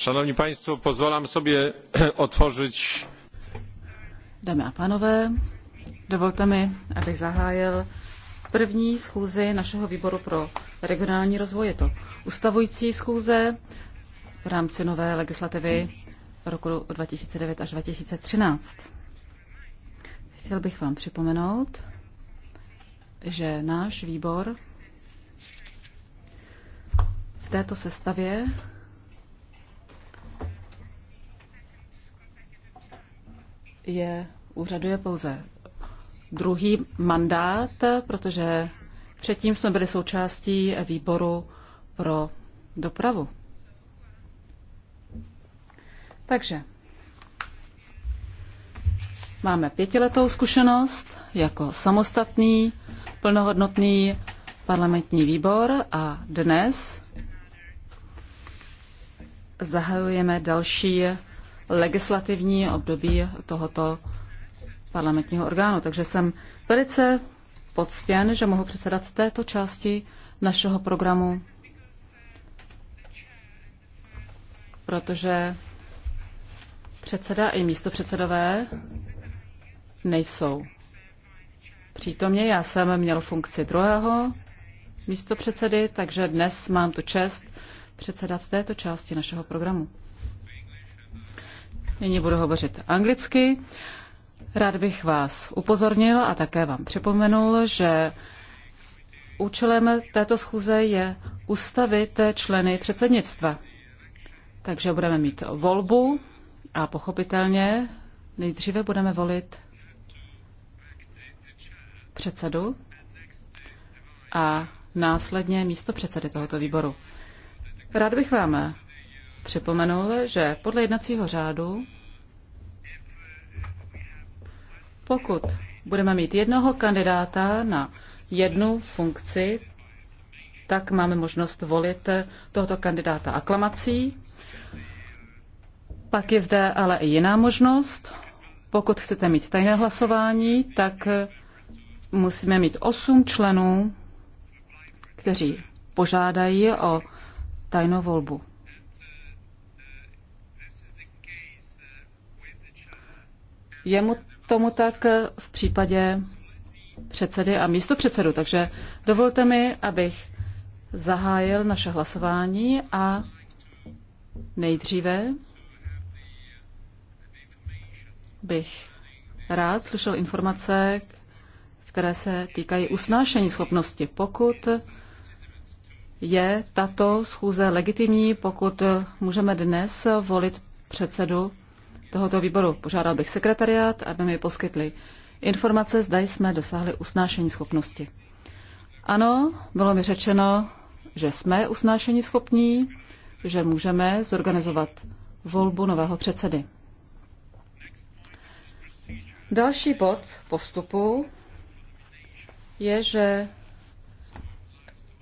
Szanowni Państwo, pozwalam sobie otworzyć. Dámy a pánové, dovolte mi, abych zahájil první schůzi našeho výboru pro regionální rozvoj. Je to ustavující schůze v rámci nové legislativy roku 2009 až 2013. Chtěl bych vám připomenout, že náš výbor v této sestavě je, úřaduje pouze druhý mandát, protože předtím jsme byli součástí výboru pro dopravu. Takže máme pětiletou zkušenost jako samostatný plnohodnotný parlamentní výbor a dnes zahajujeme další legislativní období tohoto parlamentního orgánu. Takže jsem velice poctěn, že mohu předsedat této části našeho programu, protože předseda i místo předsedové nejsou přítomně. Já jsem měl funkci druhého místo předsedy, takže dnes mám tu čest předsedat této části našeho programu. Nyní budu hovořit anglicky. Rád bych vás upozornil a také vám připomenul, že účelem této schůze je ustavit členy předsednictva. Takže budeme mít volbu a pochopitelně nejdříve budeme volit předsedu a následně místo předsedy tohoto výboru. Rád bych vám připomenul, že podle jednacího řádu, pokud budeme mít jednoho kandidáta na jednu funkci, tak máme možnost volit tohoto kandidáta aklamací. Pak je zde ale i jiná možnost. Pokud chcete mít tajné hlasování, tak musíme mít osm členů, kteří požádají o tajnou volbu. Je mu tomu tak v případě předsedy a místo předsedu, takže dovolte mi, abych zahájil naše hlasování a nejdříve bych rád slyšel informace, které se týkají usnášení schopnosti. Pokud je tato schůze legitimní, pokud můžeme dnes volit předsedu tohoto výboru. Požádal bych sekretariát, aby mi poskytli informace, zda jsme dosáhli usnášení schopnosti. Ano, bylo mi řečeno, že jsme usnášení schopní, že můžeme zorganizovat volbu nového předsedy. Další bod postupu je, že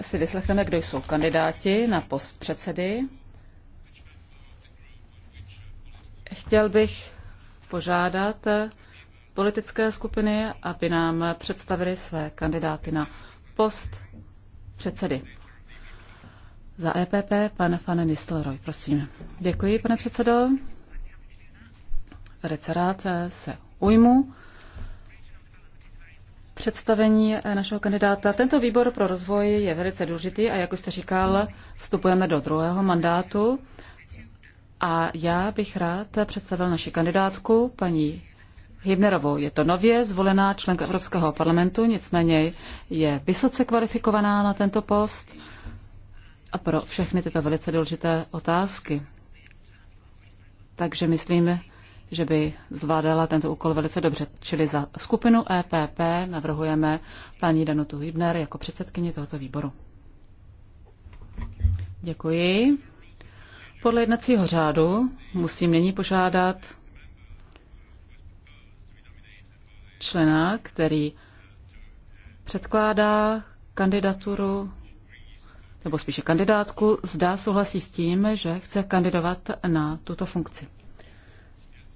si vyslechneme, kdo jsou kandidáti na post předsedy. Chtěl bych požádat politické skupiny, aby nám představili své kandidáty na post předsedy. Za EPP pan Fane Nistelroj, prosím. Děkuji, pane předsedo. Velice rád se ujmu představení našeho kandidáta. Tento výbor pro rozvoj je velice důležitý a jak už jste říkal, vstupujeme do druhého mandátu. A já bych rád představil naši kandidátku, paní Hybnerovou. Je to nově zvolená členka Evropského parlamentu, nicméně je vysoce kvalifikovaná na tento post a pro všechny tyto velice důležité otázky. Takže myslím, že by zvládala tento úkol velice dobře. Čili za skupinu EPP navrhujeme paní Danutu Hübner jako předsedkyni tohoto výboru. Děkuji. Podle jednacího řádu musím nyní požádat člena, který předkládá kandidaturu nebo spíše kandidátku, zda souhlasí s tím, že chce kandidovat na tuto funkci.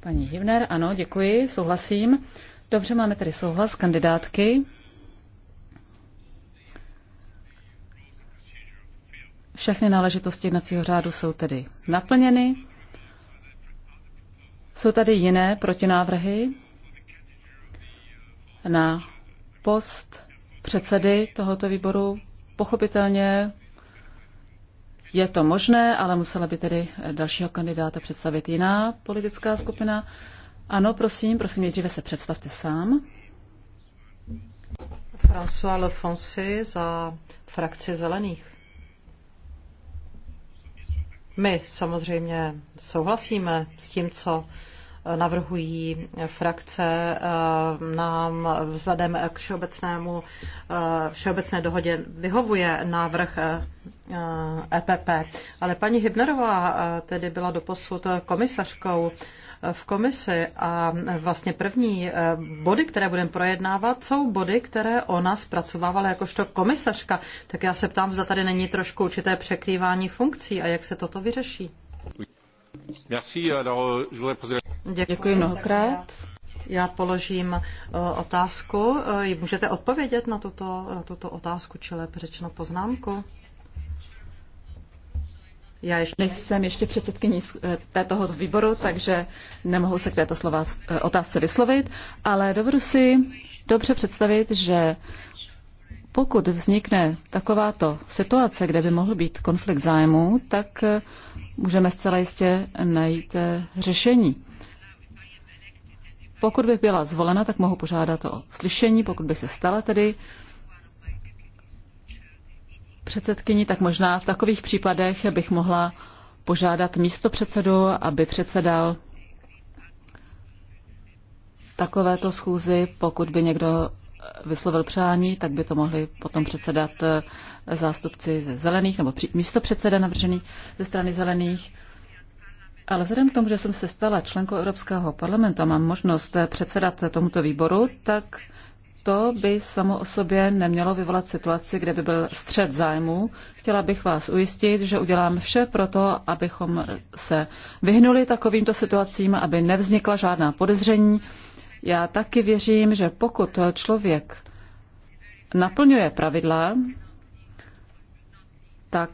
Paní Hivner, ano, děkuji, souhlasím. Dobře, máme tady souhlas kandidátky. Všechny náležitosti jednacího řádu jsou tedy naplněny. Jsou tady jiné protinávrhy na post předsedy tohoto výboru. Pochopitelně je to možné, ale musela by tedy dalšího kandidáta představit jiná politická skupina. Ano, prosím, prosím, nejdříve se představte sám. François Lefonsi za frakci zelených. My samozřejmě souhlasíme s tím, co eh, navrhují eh, frakce eh, nám vzhledem k všeobecnému, všeobecné dohodě vyhovuje návrh EPP. E Ale paní Hybnerová tedy byla doposud komisařkou v komisi a vlastně první eh, body, které budeme projednávat, jsou body, které ona zpracovávala jakožto komisařka. Tak já se ptám, zda tady není trošku určité překrývání funkcí a jak se toto vyřeší. Děkuji mnohokrát. Já položím eh, otázku. Eh, můžete odpovědět na tuto, na tuto otázku, či lépe řečeno poznámku? Já ještě nejsem ještě předsedkyní eh, této výboru, takže nemohu se k této slova, eh, otázce vyslovit, ale dovedu si dobře představit, že pokud vznikne takováto situace, kde by mohl být konflikt zájmu, tak eh, můžeme zcela jistě najít řešení. Pokud bych byla zvolena, tak mohu požádat o slyšení, pokud by se stala tedy předsedkyni, tak možná v takových případech bych mohla požádat místo předsedu, aby předsedal takovéto schůzi, pokud by někdo vyslovil přání, tak by to mohli potom předsedat eh, zástupci ze zelených nebo místo předseda navržený ze strany zelených. Ale vzhledem k tomu, že jsem se stala členkou Evropského parlamentu a mám možnost eh, předsedat tomuto výboru, tak to by samo o sobě nemělo vyvolat situaci, kde by byl střed zájmu. Chtěla bych vás ujistit, že udělám vše pro to, abychom se vyhnuli takovýmto situacím, aby nevznikla žádná podezření. Já taky věřím, že pokud člověk naplňuje pravidla, tak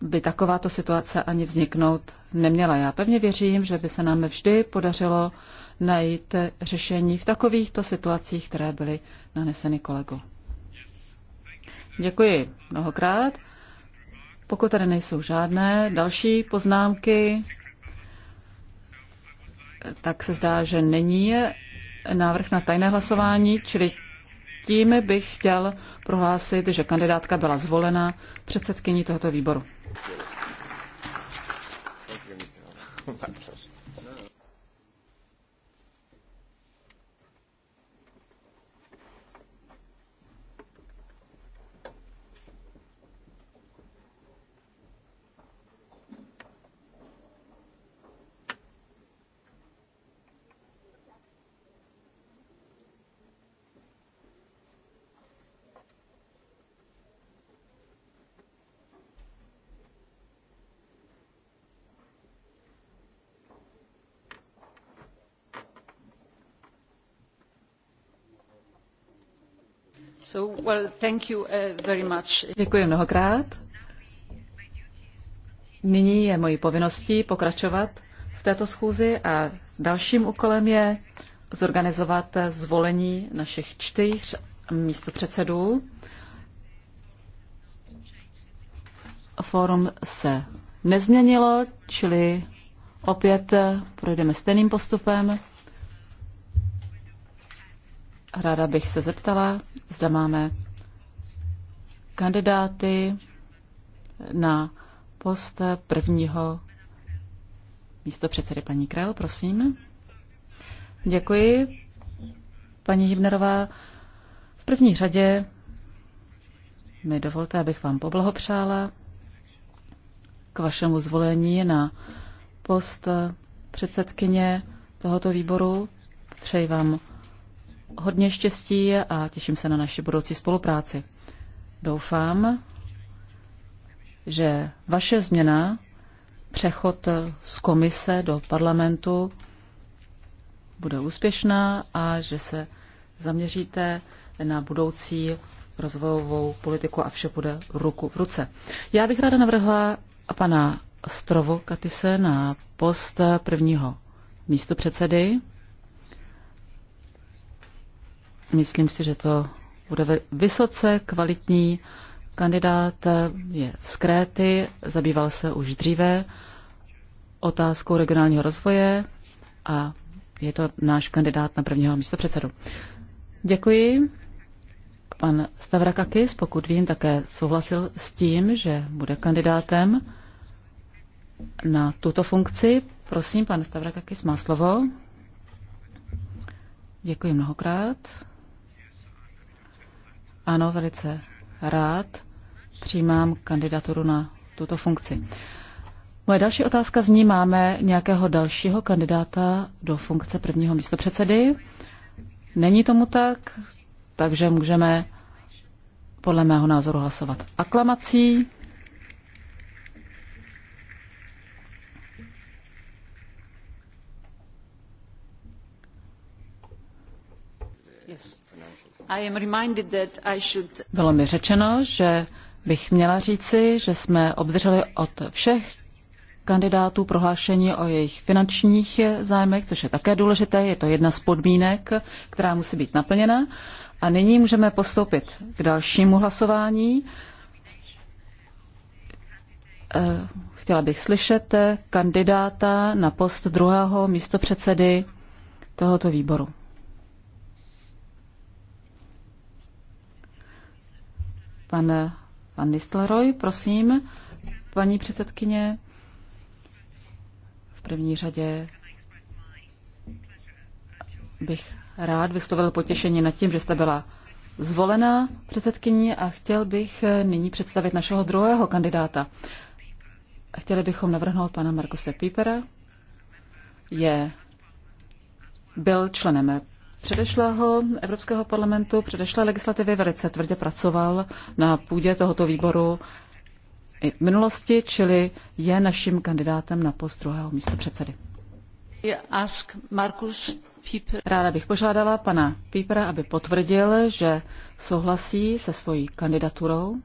by takováto situace ani vzniknout neměla. Já pevně věřím, že by se nám vždy podařilo najít řešení v takovýchto situacích, které byly naneseny kolegu. Děkuji mnohokrát. Pokud tady nejsou žádné další poznámky, tak se zdá, že není návrh na tajné hlasování, čili tím bych chtěl prohlásit, že kandidátka byla zvolena předsedkyní tohoto výboru. Uh, Děkuji mnohokrát. Nyní je mojí povinností pokračovat v této schůzi a dalším úkolem je zorganizovat zvolení našich čtyř místopředsedů. Fórum se nezměnilo, čili opět projdeme stejným postupem. Ráda bych se zeptala, zda máme kandidáty na post prvního místo předsedy paní Krell, prosím. Děkuji. Paní Hibnerová, v první řadě mi dovolte, abych vám poblahopřála k vašemu zvolení na post předsedkyně tohoto výboru. Přeji vám hodně štěstí a těším se na naši budoucí spolupráci. Doufám, že vaše změna, přechod z komise do parlamentu bude úspěšná a že se zaměříte na budoucí rozvojovou politiku a vše bude ruku v ruce. Já bych ráda navrhla pana Strovo Katise na post prvního místo předsedy. Myslím si, že to bude vysoce kvalitní kandidát, je z Kréty, zabýval se už dříve otázkou regionálního rozvoje a je to náš kandidát na prvního místo předsedu. Děkuji. Pan Stavrakakis, pokud vím, také souhlasil s tím, že bude kandidátem na tuto funkci. Prosím, pan Stavrakakis má slovo. Děkuji mnohokrát. Ano, velice rád přijímám kandidaturu na tuto funkci. Moje další otázka zní, máme nějakého dalšího kandidáta do funkce prvního místopředsedy? Není tomu tak, takže můžeme podle mého názoru hlasovat aklamací. Yes. Bylo mi řečeno, že bych měla říci, že jsme obdrželi od všech kandidátů prohlášení o jejich finančních zájmech, což je také důležité, je to jedna z podmínek, která musí být naplněna. A nyní můžeme postoupit k dalšímu hlasování. Eh, chtěla bych slyšet eh, kandidáta na post druhého místopředsedy tohoto výboru. Pan, pan Nistelrooy, prosím, paní předsedkyně, v první řadě bych rád vyslovil potěšení nad tím, že jste byla zvolena předsedkyní a chtěl bych nyní představit našeho druhého kandidáta. Chtěli bychom navrhnout pana Markuse Pípera. Je, byl členem předešlého Evropského parlamentu, předešlé legislativy velice tvrdě pracoval na půdě tohoto výboru i v minulosti, čili je naším kandidátem na post druhého místo předsedy. Ráda bych požádala pana Pípera, aby potvrdil, že souhlasí se svojí kandidaturou.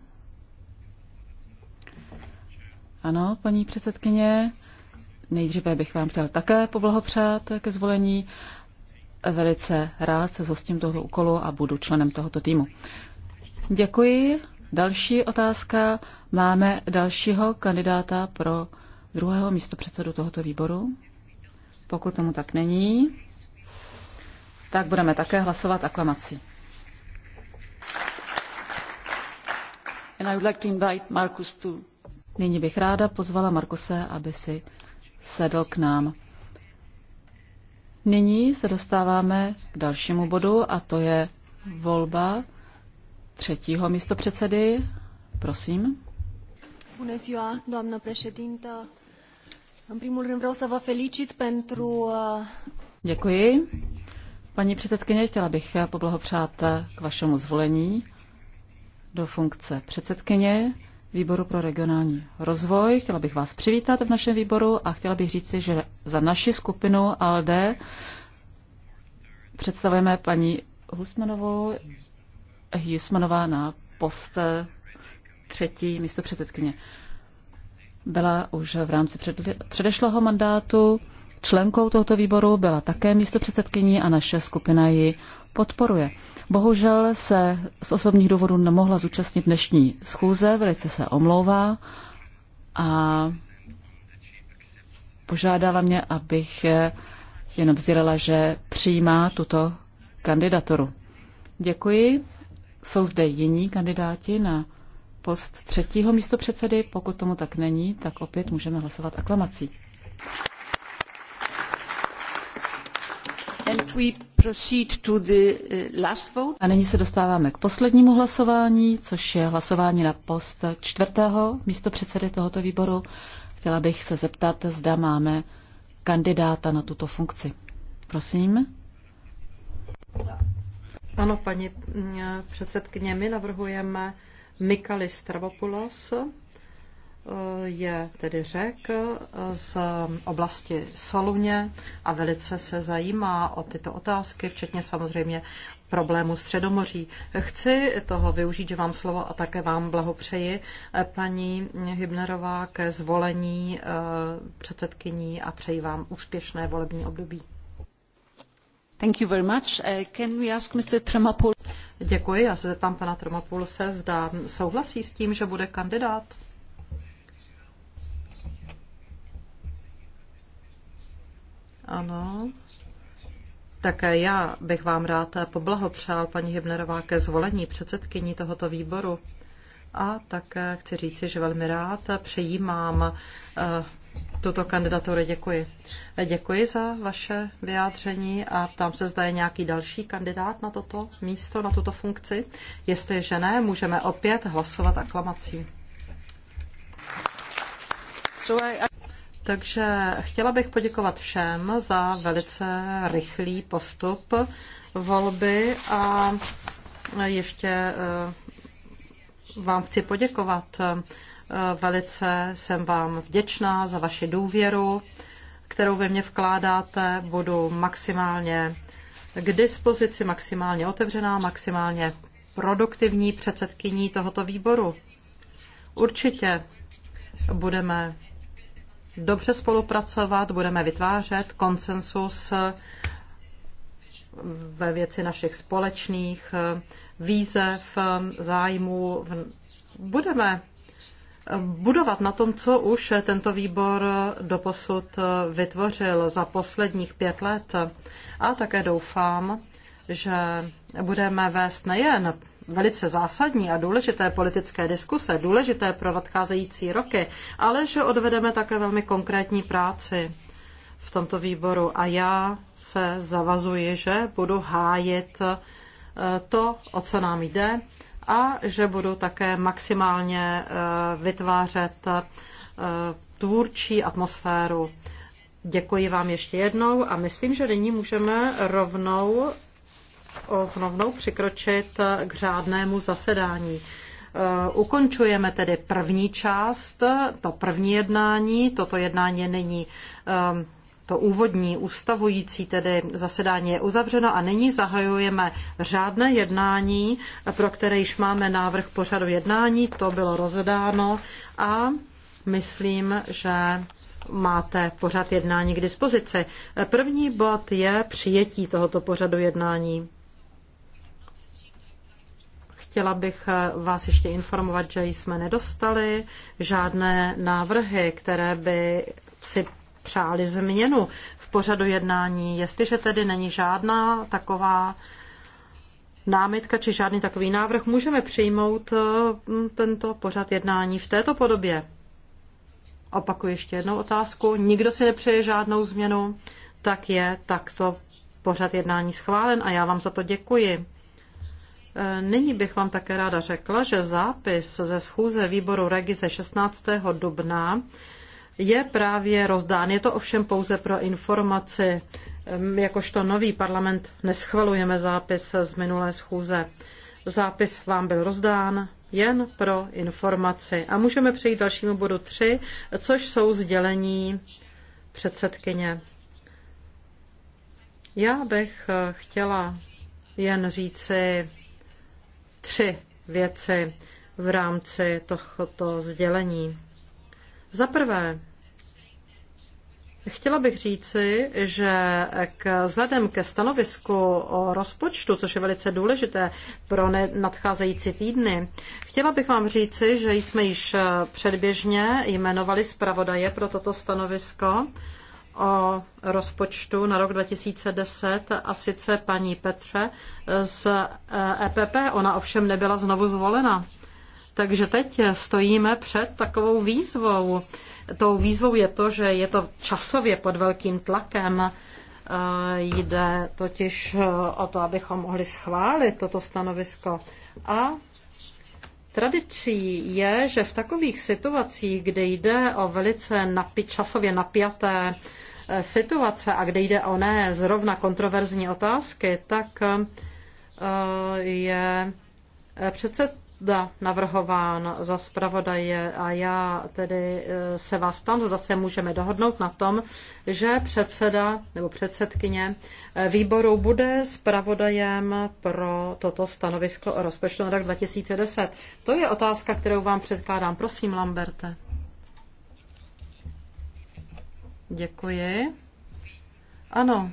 Ano, paní předsedkyně, nejdříve bych vám chtěl také poblahopřát ke zvolení velice rád se zhostím tohoto úkolu a budu členem tohoto týmu. Děkuji. Další otázka. Máme dalšího kandidáta pro druhého místopředsedu tohoto výboru? Pokud tomu tak není, tak budeme také hlasovat aklamací. Nyní bych ráda pozvala Markuse, aby si sedl k nám. Nyní se dostáváme k dalšímu bodu a to je volba třetího místopředsedy. Prosím. Bună ziua, doamnă președintă. În primul rând vreau să vă felicit pentru... Uh, Děkuji. Paní předsedkyně, chtěla bych poblahopřát k vašemu zvolení do funkce předsedkyně výboru pro regionální rozvoj. Chtěla bych vás přivítat v našem výboru a chtěla bych říci, že za naši skupinu ALD představujeme paní Husmanovou, Husmanová na post eh, třetí místo předsedkyně. Byla už v rámci předešlého mandátu členkou tohoto výboru, byla také místo předsedkyní a naše skupina ji podporuje. Bohužel se z osobních důvodů nemohla zúčastnit dnešní schůze, velice se omlouvá a požádala mě, abych eh, jenom vzdělala, že přijímá tuto kandidaturu. Děkuji. Jsou zde jiní kandidáti na post třetího místopředsedy. Pokud tomu tak není, tak opět můžeme hlasovat aklamací. Uh, A nyní se dostáváme k poslednímu hlasování, což je hlasování na post čtvrtého místo tohoto výboru. Chtěla bych se zeptat, zda máme kandidáta na tuto funkci. Prosím. Ano, paní mm, předsedkyně, my navrhujeme Mikali Stravopoulos je tedy řek eh, z oblasti Soluně a velice se zajímá o tyto otázky, včetně samozřejmě problému Středomoří. Chci toho využít, že vám slovo a také vám blahopřeji, eh, paní Hybnerová, ke zvolení eh, předsedkyní a přeji vám úspěšné volební období. Thank you very much. Can we ask Mr. Tremopoulos? Děkuji, já se zeptám pana Tremopoulose, zda souhlasí s tím, že bude kandidát. Ano. Také já bych vám rád poblahopřál, paní Hybnerová, ke zvolení předsedkyní tohoto výboru. A také chci říci, že velmi rád přijímám eh, tuto kandidaturu. Děkuji. Děkuji za vaše vyjádření a tam se zda je nějaký další kandidát na toto místo, na tuto funkci. Jestliže ne, můžeme opět hlasovat aklamací. Takže chtěla bych poděkovat všem za velice rychlý postup volby a ještě eh, vám chci poděkovat. Eh, velice jsem vám vděčná za vaši důvěru, kterou ve mě vkládáte. Budu maximálně k dispozici, maximálně otevřená, maximálně produktivní předsedkyní tohoto výboru. Určitě budeme dobře spolupracovat, budeme vytvářet konsensus ve věci našich společných výzev, zájmů. Budeme budovat na tom, co už tento výbor doposud vytvořil za posledních pět let. A také doufám, že budeme vést nejen velice zásadní a důležité politické diskuse, důležité pro nadcházející roky, ale že odvedeme také velmi konkrétní práci v tomto výboru. A já se zavazuji, že budu hájit eh, to, o co nám jde, a že budu také maximálně eh, vytvářet eh, tvůrčí atmosféru. Děkuji vám ještě jednou a myslím, že nyní můžeme rovnou rovnou přikročit k řádnému zasedání. Eh, ukončujeme tedy první část, to první jednání. Toto jednání není ehm, to úvodní, ustavující tedy zasedání je uzavřeno a nyní zahajujeme řádné jednání, pro které již máme návrh pořadu jednání, to bylo rozdáno a myslím, že máte pořad jednání k dispozici. Eh, první bod je přijetí tohoto pořadu jednání. Chtěla bych eh, vás ještě informovat, že jsme nedostali žádné návrhy, které by si přáli změnu v pořadu jednání. Jestliže tedy není žádná taková námitka či žádný takový návrh, můžeme přijmout eh, tento pořad jednání v této podobě. Opakuji ještě jednou otázku. Nikdo si nepřeje žádnou změnu, tak je takto pořad jednání schválen a já vám za to děkuji. Eh, nyní bych vám také ráda řekla, že zápis ze schůze výboru Regi ze 16. dubna je právě rozdán. Je to ovšem pouze pro informaci. Jakožto nový parlament neschvalujeme zápis z minulé schůze. Zápis vám byl rozdán jen pro informaci. A můžeme přejít dalšímu bodu 3, což jsou sdělení předsedkyně. Já bych eh, chtěla jen říci tři věci v rámci tohoto sdělení. Za prvé, Chtěla bych říci, že k, vzhledem ke stanovisku o rozpočtu, což je velice důležité pro ne, nadcházející týdny, chtěla bych vám říci, že jsme již předběžně jmenovali zpravodaje pro toto stanovisko o rozpočtu na rok 2010 a sice paní Petře z EPP. Eh, e Ona ovšem nebyla znovu zvolena. Takže teď stojíme před takovou výzvou. Tou výzvou je to, že je to časově pod velkým tlakem. Eh, jde totiž eh, o to, abychom mohli schválit toto stanovisko a Tradicí je, že v takových situacích, kde jde o velice napi, časově napjaté eh, situace a kde jde o ne zrovna kontroverzní otázky, tak eh, je eh, přece zde navrhován za zpravodaje a já tedy e, se vás ptám, zda se můžeme dohodnout na tom, že předseda nebo předsedkyně e, výboru bude zpravodajem pro toto stanovisko o rozpočtu na rok 2010. To je otázka, kterou vám předkládám. Prosím, Lamberte. Děkuji. Ano.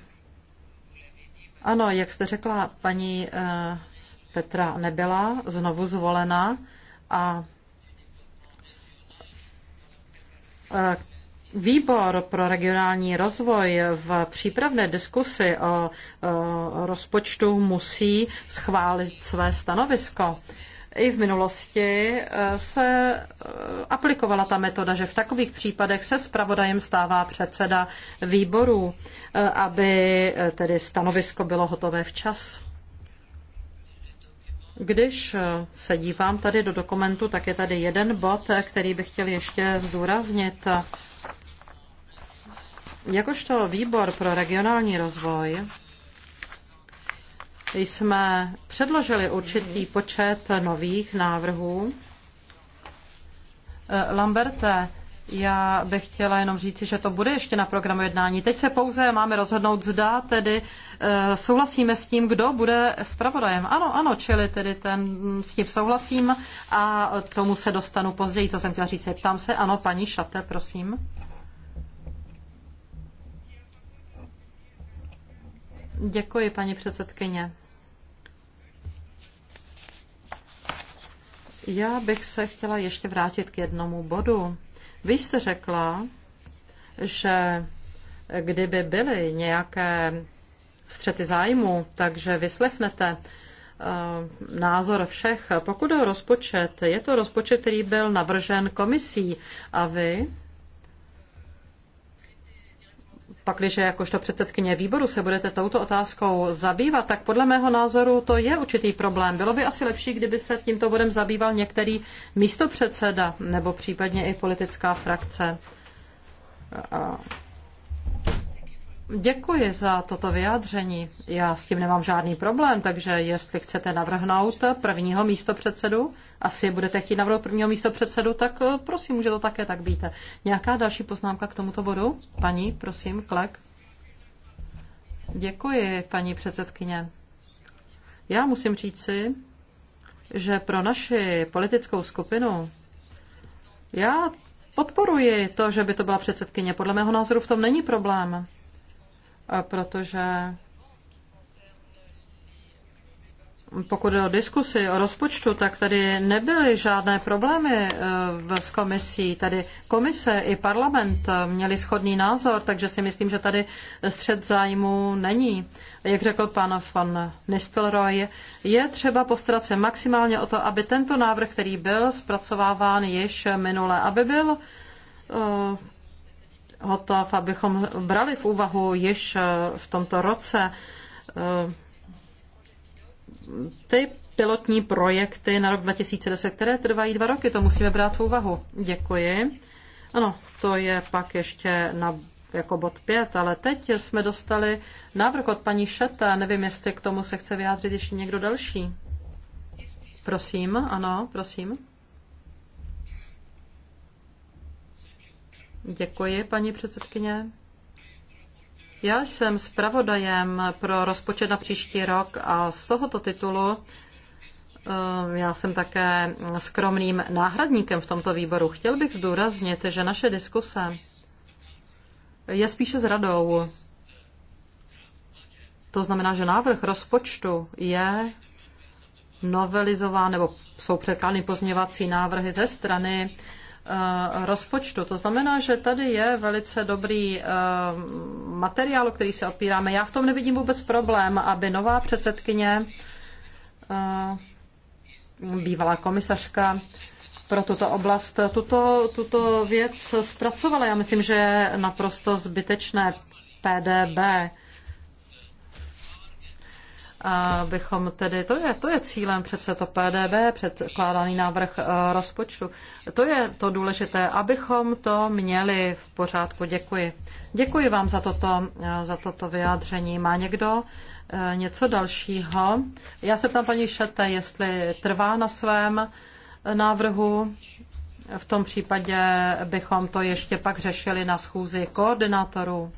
Ano, jak jste řekla, paní e, Petra nebyla znovu zvolena a e, Výbor pro regionální rozvoj v přípravné diskusi o, e, rozpočtu musí schválit své stanovisko. I v minulosti e, se aplikovala ta metoda, že v takových případech se zpravodajem stává předseda výboru, aby tedy stanovisko bylo hotové včas. Když eh, se dívám tady do dokumentu, tak je tady jeden bod, eh, který bych chtěl ještě zdůraznit. Jakožto výbor pro regionální rozvoj jsme předložili určitý počet nových návrhů. Eh, Lamberte, já bych chtěla jenom říci, že to bude ještě na programu jednání. Teď se pouze máme rozhodnout, zda tedy eh, souhlasíme s tím, kdo bude zpravodajem. Ano, ano, čili tedy ten, mm, s tím souhlasím a tomu se dostanu později, co jsem chtěla říct. Ptám se, ano, paní Šate, prosím. Děkuji, paní předsedkyně. Já bych se chtěla ještě vrátit k jednomu bodu. Vy jste řekla, že kdyby byly nějaké střety zájmu, takže vyslechnete eh, názor všech. Pokud je rozpočet, je to rozpočet, který byl navržen komisí a vy Pakliže jakožto předsedkyně výboru se budete touto otázkou zabývat, tak podle mého názoru to je určitý problém. Bylo by asi lepší, kdyby se tímto bodem zabýval některý místopředseda nebo případně i politická frakce. Děkuji za toto vyjádření. Já s tím nemám žádný problém, takže jestli chcete navrhnout prvního místopředsedu, asi budete chtít navrhnout prvního místopředsedu, tak eh, prosím, může to také tak být. Nějaká další poznámka k tomuto bodu? Paní, prosím, Klek. Děkuji, paní předsedkyně. Já musím říci, že pro naši politickou skupinu já podporuji to, že by to byla předsedkyně. Podle mého názoru v tom není problém protože pokud o diskusi o rozpočtu, tak tady nebyly žádné problémy eh, s komisí. Tady komise i parlament eh, měli schodný názor, takže si myslím, že tady střed zájmu není. Jak řekl pan van Nistelrooy, je třeba postarat se maximálně o to, aby tento návrh, který byl zpracováván již minule, aby byl eh, hotov, abychom brali v úvahu již eh, v tomto roce eh, ty pilotní projekty na rok 2010, které trvají dva roky. To musíme brát v úvahu. Děkuji. Ano, to je pak ještě na jako bod pět. ale teď jsme dostali návrh od paní Šeta. Nevím, jestli k tomu se chce vyjádřit ještě někdo další. Prosím, ano, prosím. Děkuji, paní předsedkyně. Já jsem zpravodajem pro rozpočet na příští rok a z tohoto titulu eh, já jsem také skromným náhradníkem v tomto výboru. Chtěl bych zdůraznit, že naše diskuse je spíše s radou. To znamená, že návrh rozpočtu je novelizován nebo jsou předkládány pozměňovací návrhy ze strany Eh, rozpočtu. To znamená, že tady je velice dobrý eh, materiál, o který se opíráme. Já v tom nevidím vůbec problém, aby nová předsedkyně, eh, bývalá komisařka pro tuto oblast, tuto, tuto věc zpracovala. Já myslím, že je naprosto zbytečné PDB abychom tedy, to je, to je cílem přece to PDB, předkládaný návrh eh, rozpočtu. To je to důležité, abychom to měli v pořádku. Děkuji. Děkuji vám za toto, eh, za toto vyjádření. Má někdo eh, něco dalšího? Já se ptám paní Šete, jestli trvá na svém návrhu. V tom případě bychom to ještě pak řešili na schůzi koordinátorů.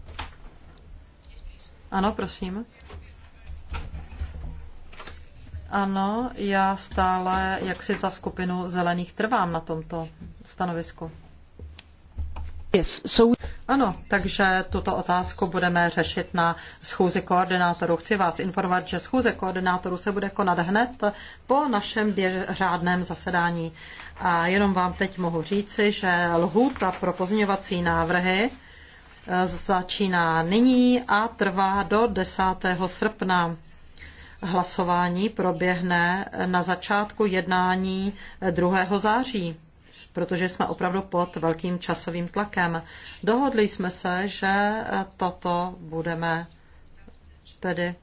Ano, prosím. Ano, já stále, jak si za skupinu zelených, trvám na tomto stanovisku. Ano, takže tuto otázku budeme řešit na schůzi koordinátorů. Chci vás informovat, že schůze koordinátorů se bude konat hned po našem běž, řádném zasedání. A jenom vám teď mohu říci, že lhůta pro pozměňovací návrhy e, začíná nyní a trvá do 10. srpna. Hlasování proběhne na začátku jednání 2. Eh, září, protože jsme opravdu pod velkým časovým tlakem. Dohodli jsme se, že eh, toto budeme tedy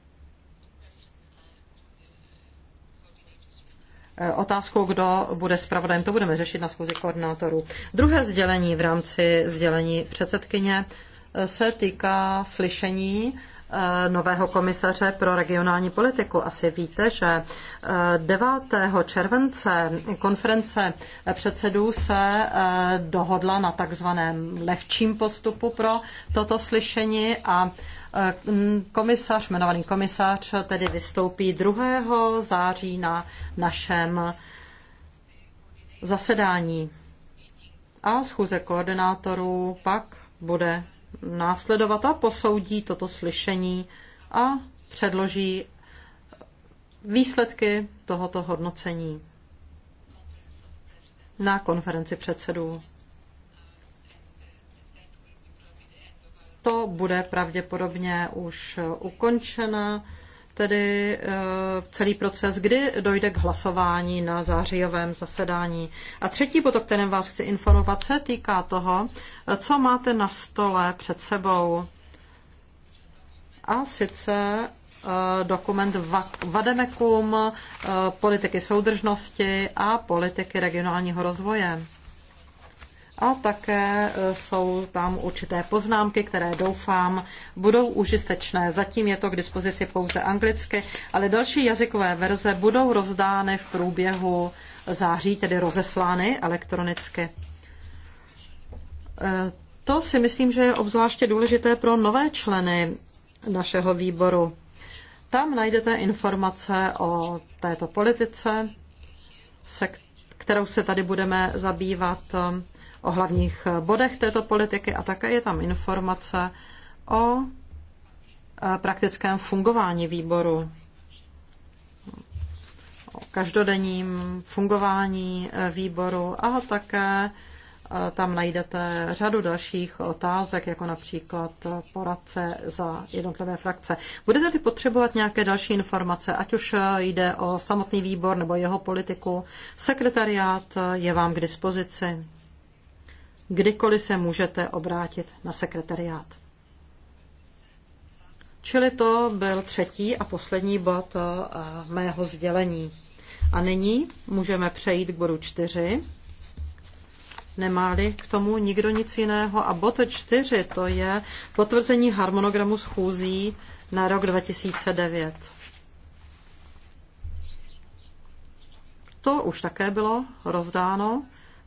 eh, Otázkou, kdo bude zpravodajem, to budeme řešit na schůzi koordinátorů. Druhé sdělení v rámci sdělení předsedkyně se týká slyšení Eh, nového komisaře pro regionální politiku. Asi víte, že 9. Eh, července konference předsedů se eh, dohodla na takzvaném lehčím postupu pro toto slyšení a komisař, jmenovaný komisař, tedy vystoupí 2. září na našem zasedání. A schůze koordinátorů pak bude následovat a posoudí toto slyšení a předloží výsledky tohoto hodnocení na konferenci předsedů. To bude pravděpodobně už ukončena tedy eh, celý proces, kdy dojde k hlasování na zářijovém zasedání. A třetí bod, o kterém vás chci informovat, se týká toho, eh, co máte na stole před sebou. A sice eh, dokument Vademekum politiky soudržnosti a politiky regionálního rozvoje a také e, jsou tam určité poznámky, které doufám budou užitečné. Zatím je to k dispozici pouze anglicky, ale další jazykové verze budou rozdány v průběhu září, tedy rozeslány elektronicky. E, to si myslím, že je obzvláště důležité pro nové členy našeho výboru. Tam najdete informace o této politice, se kterou se tady budeme zabývat o hlavních bodech této politiky a také je tam informace o e, praktickém fungování výboru, o každodenním fungování e, výboru a také e, tam najdete řadu dalších otázek, jako například poradce za jednotlivé frakce. Budete-li potřebovat nějaké další informace, ať už jde o samotný výbor nebo jeho politiku, sekretariát je vám k dispozici kdykoliv se můžete obrátit na sekretariát. Čili to byl třetí a poslední bod eh, mého sdělení. A nyní můžeme přejít k bodu čtyři. Nemáli k tomu nikdo nic jiného. A bod čtyři to je potvrzení harmonogramu schůzí na rok 2009. To už také bylo rozdáno.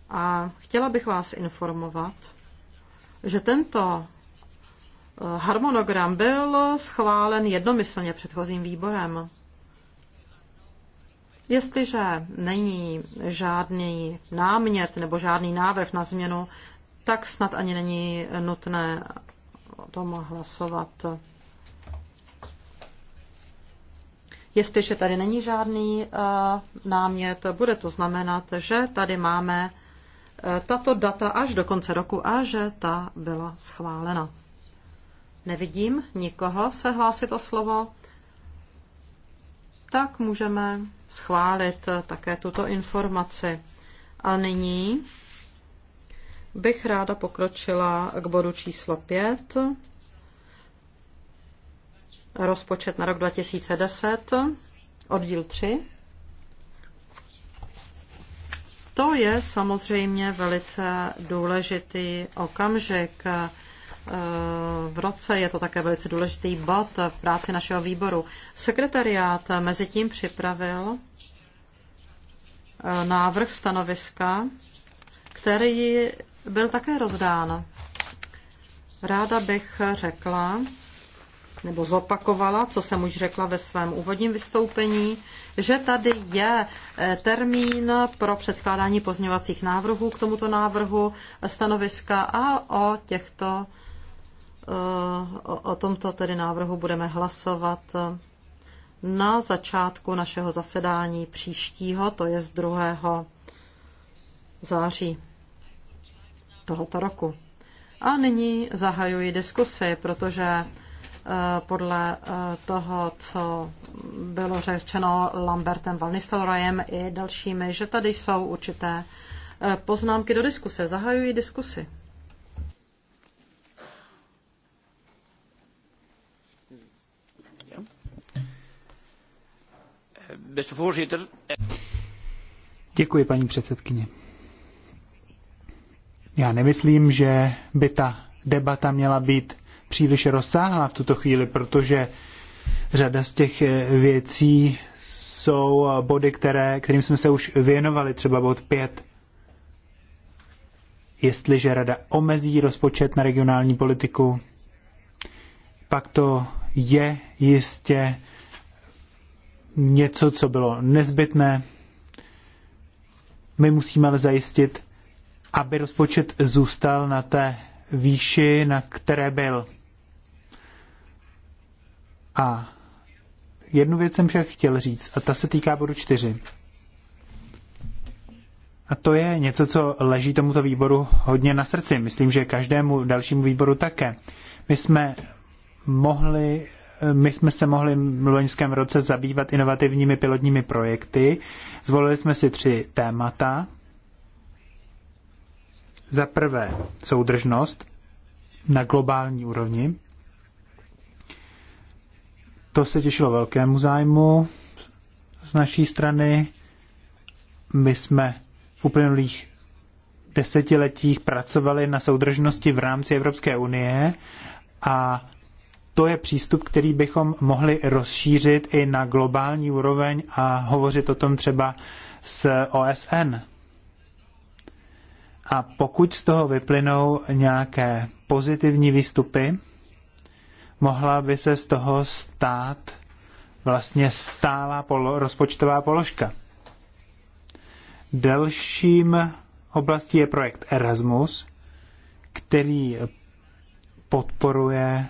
A chtěla bych vás informovat, že tento eh, harmonogram byl schválen jednomyslně předchozím výborem. Jestliže není žádný námět nebo žádný návrh na změnu, tak snad ani není nutné o tom hlasovat. Jestliže tady není žádný uh, námět, bude to znamenat, že tady máme tato data až do konce roku a že ta byla schválena. Nevidím nikoho se hlásit o slovo, tak můžeme schválit také tuto informaci. A nyní bych ráda pokročila k bodu číslo 5, rozpočet na rok 2010, oddíl 3. To je samozřejmě velice důležitý okamžik eh, v roce. Je to také velice důležitý bod v práci našeho výboru. Sekretariát mezi tím připravil eh, návrh stanoviska, který byl také rozdán. Ráda bych řekla, nebo zopakovala, co jsem už řekla ve svém úvodním vystoupení, že tady je eh, termín pro předkládání pozměňovacích návrhů k tomuto návrhu eh, stanoviska a o těchto eh, o tomto tedy návrhu budeme hlasovat na začátku našeho zasedání příštího, to je z 2. září tohoto roku. A nyní zahajuji diskusy, protože Eh, podle eh, toho, co bylo řečeno Lambertem Valnistorajem i dalšími, že tady jsou určité eh, poznámky do diskuse. zahajují diskusy. Děkuji, paní předsedkyně. Já nemyslím, že by ta debata měla být příliš rozsáhlá v tuto chvíli, protože řada z těch eh, věcí jsou eh, body, které, kterým jsme se už věnovali, třeba bod 5. Jestliže rada omezí rozpočet na regionální politiku, pak to je jistě něco, co bylo nezbytné. My musíme ale zajistit, aby rozpočet zůstal na té výši, na které byl. A jednu věc jsem však chtěl říct, a ta se týká bodu čtyři. A to je něco, co leží tomuto výboru hodně na srdci. Myslím, že každému dalšímu výboru také. My jsme mohli my jsme se mohli v loňském roce zabývat inovativními pilotními projekty. Zvolili jsme si tři témata. Za prvé soudržnost na globální úrovni. To se těšilo velkému zájmu z naší strany. My jsme v uplynulých desetiletích pracovali na soudržnosti v rámci Evropské unie a to je přístup, který bychom mohli rozšířit i na globální úroveň a hovořit o tom třeba s OSN. A pokud z toho vyplynou nějaké pozitivní výstupy, mohla by se z toho stát vlastně stálá polo, rozpočtová položka. Dalším oblastí je projekt Erasmus, který podporuje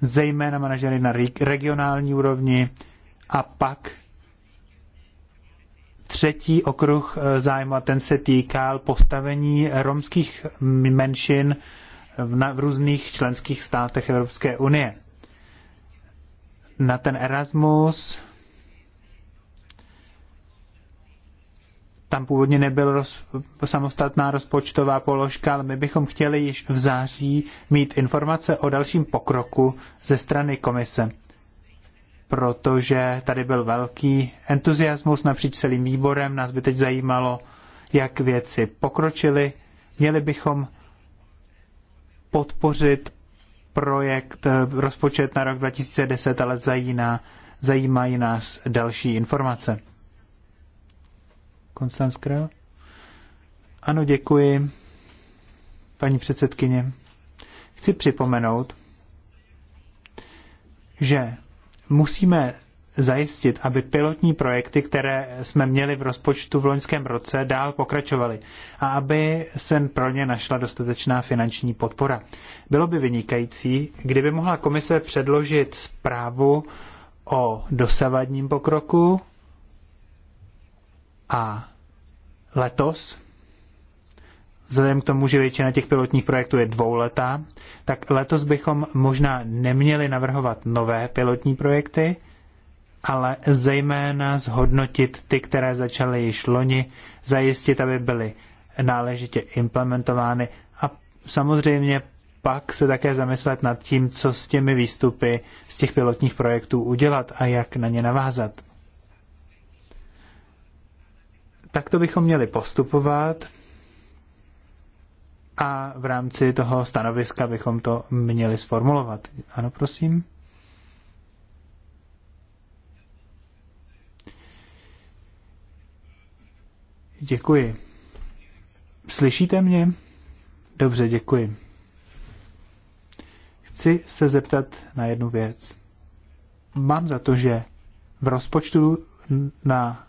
zejména manažery na regionální úrovni a pak třetí okruh eh, zájmu a ten se týkal postavení romských menšin v, na, v různých členských státech Evropské unie. Na ten Erasmus tam původně nebyl roz, samostatná rozpočtová položka, ale my bychom chtěli již v září mít informace o dalším pokroku ze strany komise protože tady byl velký entuziasmus napříč celým výborem. Nás by teď zajímalo, jak věci pokročily. Měli bychom podpořit projekt, eh, rozpočet na rok 2010, ale zajíná, zajímají nás další informace. Konstanc Král? Ano, děkuji, paní předsedkyně. Chci připomenout, že musíme zajistit, aby pilotní projekty, které jsme měli v rozpočtu v loňském roce, dál pokračovaly a aby se pro ně našla dostatečná finanční podpora. Bylo by vynikající, kdyby mohla komise předložit zprávu o dosavadním pokroku a letos, vzhledem k tomu, že většina těch pilotních projektů je dvouletá, tak letos bychom možná neměli navrhovat nové pilotní projekty, ale zejména zhodnotit ty, které začaly již loni, zajistit, aby byly náležitě implementovány a samozřejmě pak se také zamyslet nad tím, co s těmi výstupy z těch pilotních projektů udělat a jak na ně navázat. Takto bychom měli postupovat a v rámci toho stanoviska bychom to měli sformulovat. Ano, prosím. Děkuji. Slyšíte mě? Dobře, děkuji. Chci se zeptat na jednu věc. Mám za to, že v rozpočtu na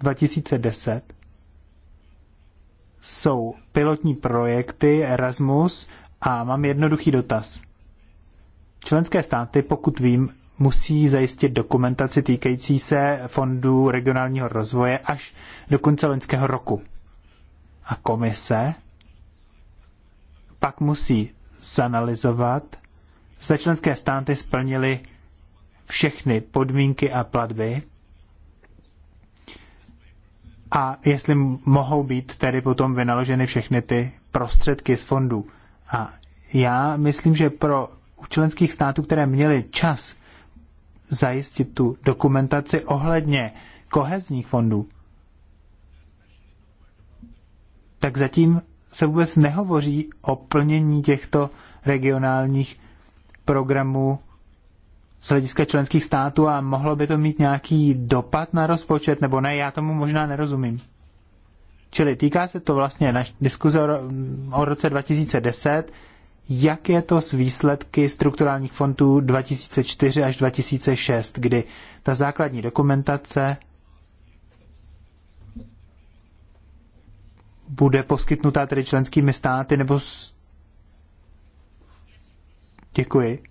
2010 jsou pilotní projekty Erasmus a mám jednoduchý dotaz. Členské státy, pokud vím, musí zajistit dokumentaci týkající se fondů regionálního rozvoje až do konce loňského roku. A komise pak musí zanalizovat, zda členské státy splnily všechny podmínky a platby a jestli mohou být tedy potom vynaloženy všechny ty prostředky z fondů. A já myslím, že pro členských států, které měly čas zajistit tu dokumentaci ohledně kohezních fondů, tak zatím se vůbec nehovoří o plnění těchto regionálních programů z hlediska členských států a mohlo by to mít nějaký dopad na rozpočet, nebo ne, já tomu možná nerozumím. Čili týká se to vlastně na diskuze o roce 2010, jak je to s výsledky strukturálních fondů 2004 až 2006, kdy ta základní dokumentace bude poskytnutá tedy členskými státy, nebo... S... Děkuji.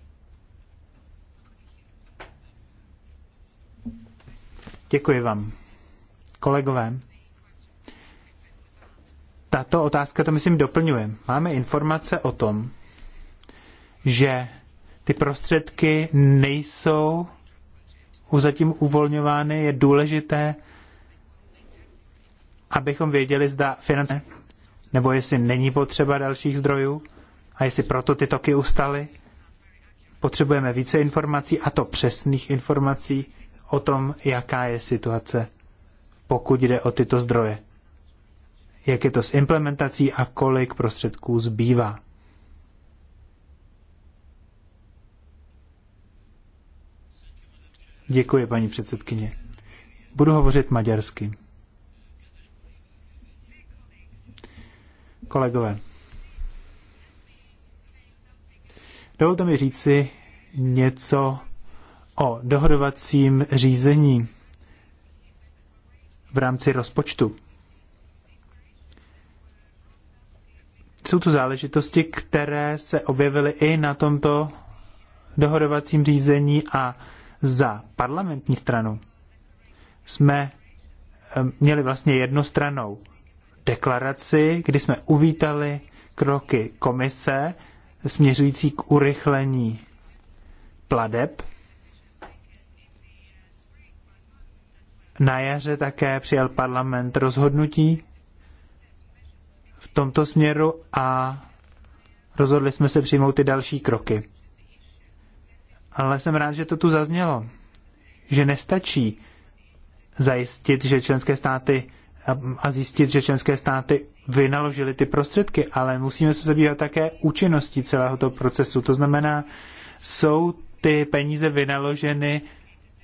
Děkuji vám. Kolegové, tato otázka to myslím doplňuje. Máme informace o tom, že ty prostředky nejsou zatím uvolňovány, je důležité, abychom věděli, zda finance, nebo jestli není potřeba dalších zdrojů a jestli proto ty toky ustaly. Potřebujeme více informací, a to přesných informací o tom, jaká je situace, pokud jde o tyto zdroje. Jak je to s implementací a kolik prostředků zbývá. Děkuji, paní předsedkyně. Budu hovořit maďarsky. Kolegové, dovolte mi říci něco o dohodovacím řízení v rámci rozpočtu. Jsou tu záležitosti, které se objevily i na tomto dohodovacím řízení a za parlamentní stranu jsme eh, měli vlastně jednostranou deklaraci, kdy jsme uvítali kroky komise směřující k urychlení pladeb. Na jaře také přijal parlament rozhodnutí v tomto směru a rozhodli jsme se přijmout ty další kroky ale jsem rád, že to tu zaznělo, že nestačí zajistit, že členské státy a zjistit, že členské státy vynaložily ty prostředky, ale musíme se zabývat také účinností celého toho procesu. To znamená, jsou ty peníze vynaloženy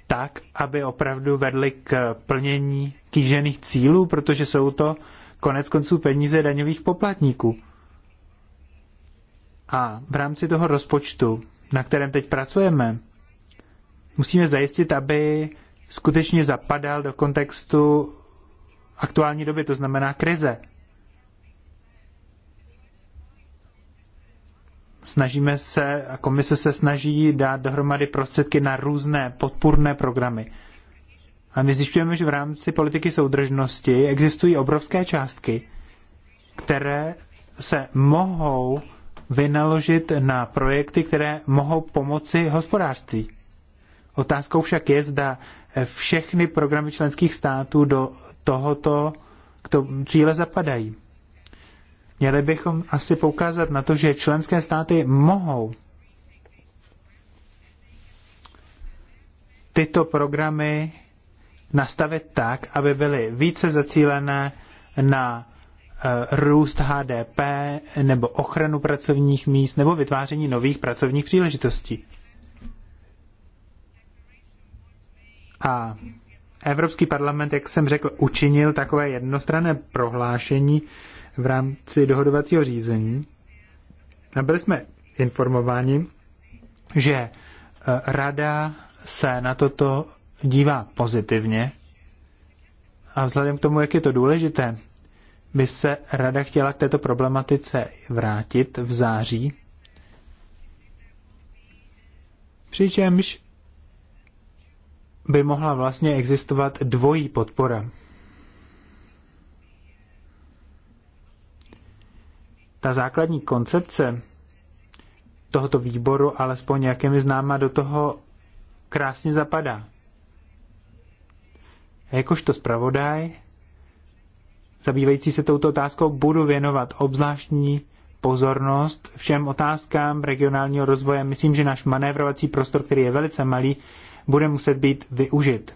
tak, aby opravdu vedly k plnění kýžených cílů, protože jsou to konec konců peníze daňových poplatníků. A v rámci toho rozpočtu na kterém teď pracujeme, musíme zajistit, aby skutečně zapadal do kontextu aktuální doby, to znamená krize. Snažíme se, a komise se snaží dát dohromady prostředky na různé podpůrné programy. A my zjišťujeme, že v rámci politiky soudržnosti existují obrovské částky, které se mohou vynaložit na projekty, které mohou pomoci hospodářství. Otázkou však je, zda všechny programy členských států do tohoto k to cíle zapadají. Měli bychom asi poukázat na to, že členské státy mohou tyto programy nastavit tak, aby byly více zacílené na Eh, růst HDP nebo ochranu pracovních míst nebo vytváření nových pracovních příležitostí. A Evropský parlament, jak jsem řekl, učinil takové jednostranné prohlášení v rámci dohodovacího řízení. A byli jsme informováni, že eh, rada se na toto dívá pozitivně a vzhledem k tomu, jak je to důležité, by se rada chtěla k této problematice vrátit v září, přičemž by mohla vlastně existovat dvojí podpora. Ta základní koncepce tohoto výboru, alespoň jak mi známa, do toho krásně zapadá. Jakožto zpravodaj zabývající se touto otázkou budu věnovat obzvláštní pozornost všem otázkám regionálního rozvoje. Myslím, že náš manévrovací prostor, který je velice malý, bude muset být využit.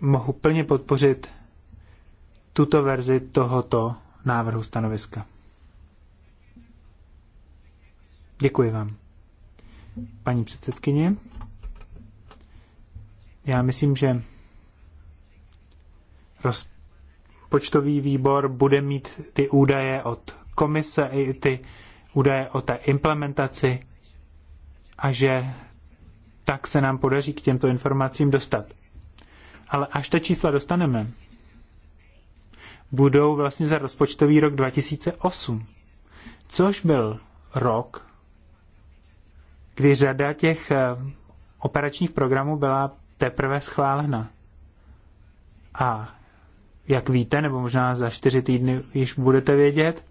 Mohu plně podpořit tuto verzi tohoto návrhu stanoviska. Děkuji vám. Paní předsedkyně. Já myslím, že rozpočtový výbor bude mít ty údaje od komise i ty údaje o té implementaci a že tak se nám podaří k těmto informacím dostat. Ale až ta čísla dostaneme, budou vlastně za rozpočtový rok 2008, což byl rok, kdy řada těch eh, operačních programů byla teprve schválena. A jak víte, nebo možná za čtyři týdny již budete vědět,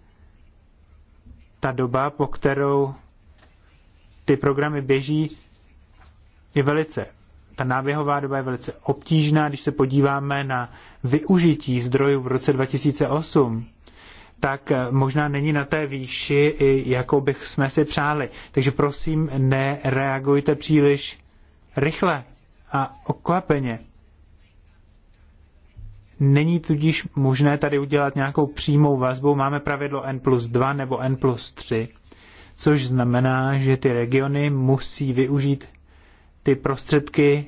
ta doba, po kterou ty programy běží, je velice, ta náběhová doba je velice obtížná, když se podíváme na využití zdrojů v roce 2008, tak eh, možná není na té výši, jako bych jsme si přáli. Takže prosím, nereagujte příliš rychle a okvapeně. Není tudíž možné tady udělat nějakou přímou vazbu. Máme pravidlo N plus 2 nebo N plus 3, což znamená, že ty regiony musí využít ty prostředky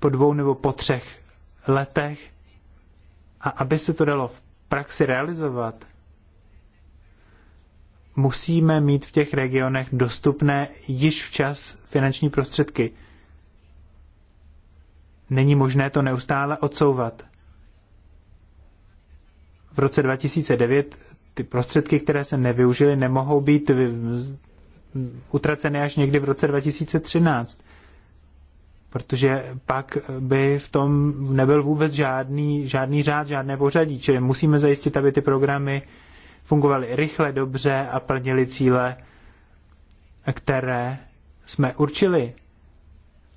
po dvou nebo po třech letech. A aby se to dalo v praxi realizovat, musíme mít v těch regionech dostupné již včas finanční prostředky. Není možné to neustále odsouvat. V roce 2009 ty prostředky, které se nevyužily, nemohou být utraceny až někdy v roce 2013 protože pak by v tom nebyl vůbec žádný, žádný řád, žádné pořadí. Čili musíme zajistit, aby ty programy fungovaly rychle, dobře a plnili cíle, které jsme určili.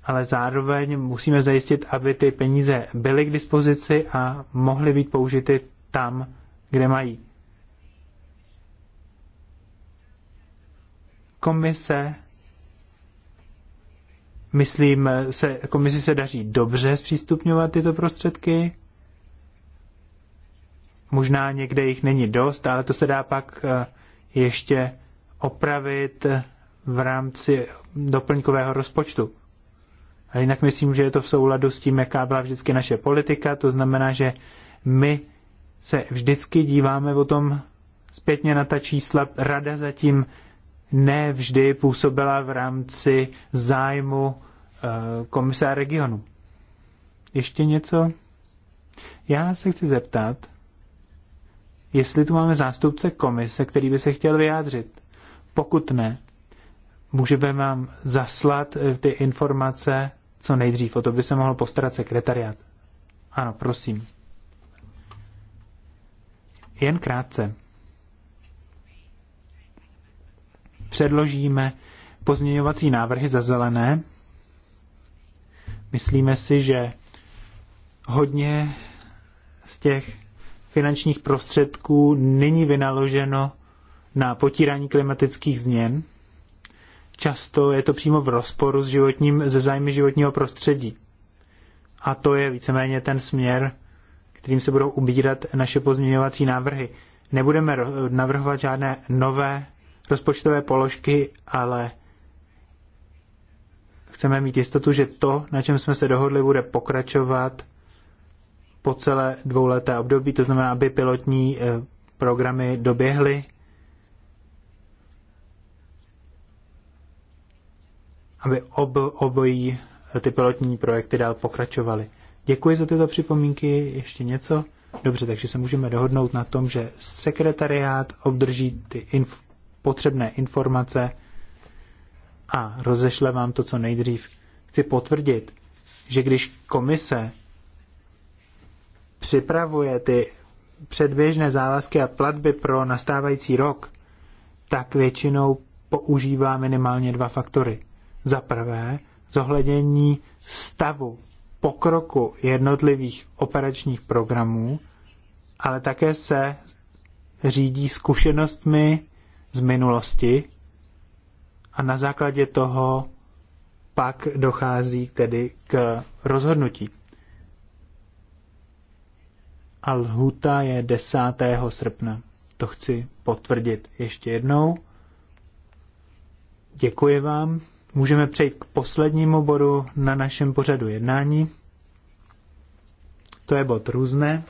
Ale zároveň musíme zajistit, aby ty peníze byly k dispozici a mohly být použity tam, kde mají. Komise myslím, se, komisi se daří dobře zpřístupňovat tyto prostředky. Možná někde jich není dost, ale to se dá pak eh, ještě opravit eh, v rámci doplňkového rozpočtu. A jinak myslím, že je to v souladu s tím, jaká byla vždycky naše politika, to znamená, že my se vždycky díváme o tom zpětně na ta čísla. Rada zatím ne vždy působila v rámci zájmu eh, komisa regionu. Ještě něco? Já se chci zeptat, jestli tu máme zástupce komise, který by se chtěl vyjádřit. Pokud ne, můžeme vám zaslat eh, ty informace co nejdřív. O to by se mohl postarat sekretariát. Ano, prosím. Jen krátce. Předložíme pozměňovací návrhy za zelené. Myslíme si, že hodně z těch finančních prostředků není vynaloženo na potírání klimatických změn. Často je to přímo v rozporu s životním, ze zájmy životního prostředí. A to je víceméně ten směr, kterým se budou ubírat naše pozměňovací návrhy. Nebudeme navrhovat žádné nové rozpočtové položky, ale chceme mít jistotu, že to, na čem jsme se dohodli, bude pokračovat po celé dvouleté období, to znamená, aby pilotní eh, programy doběhly, aby ob, obojí eh, ty pilotní projekty dál pokračovaly. Děkuji za tyto připomínky. Ještě něco? Dobře, takže se můžeme dohodnout na tom, že sekretariát obdrží ty inf- potřebné informace a rozešle vám to co nejdřív. Chci potvrdit, že když komise připravuje ty předběžné závazky a platby pro nastávající rok, tak většinou používá minimálně dva faktory. Za prvé, zohlednění stavu pokroku jednotlivých operačních programů, ale také se řídí zkušenostmi z minulosti a na základě toho pak dochází tedy k rozhodnutí a lhuta je 10. srpna. To chci potvrdit ještě jednou. Děkuji vám. Můžeme přejít k poslednímu bodu na našem pořadu jednání. To je bod různé.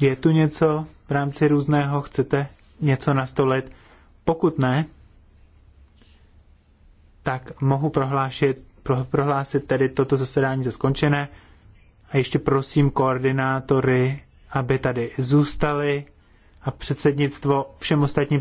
Je tu něco v rámci různého? Chcete něco nastolit? Pokud ne, tak mohu prohlášit prohlásit tedy toto zasedání za skončené a ještě prosím koordinátory, aby tady zůstali a předsednictvo všem ostatním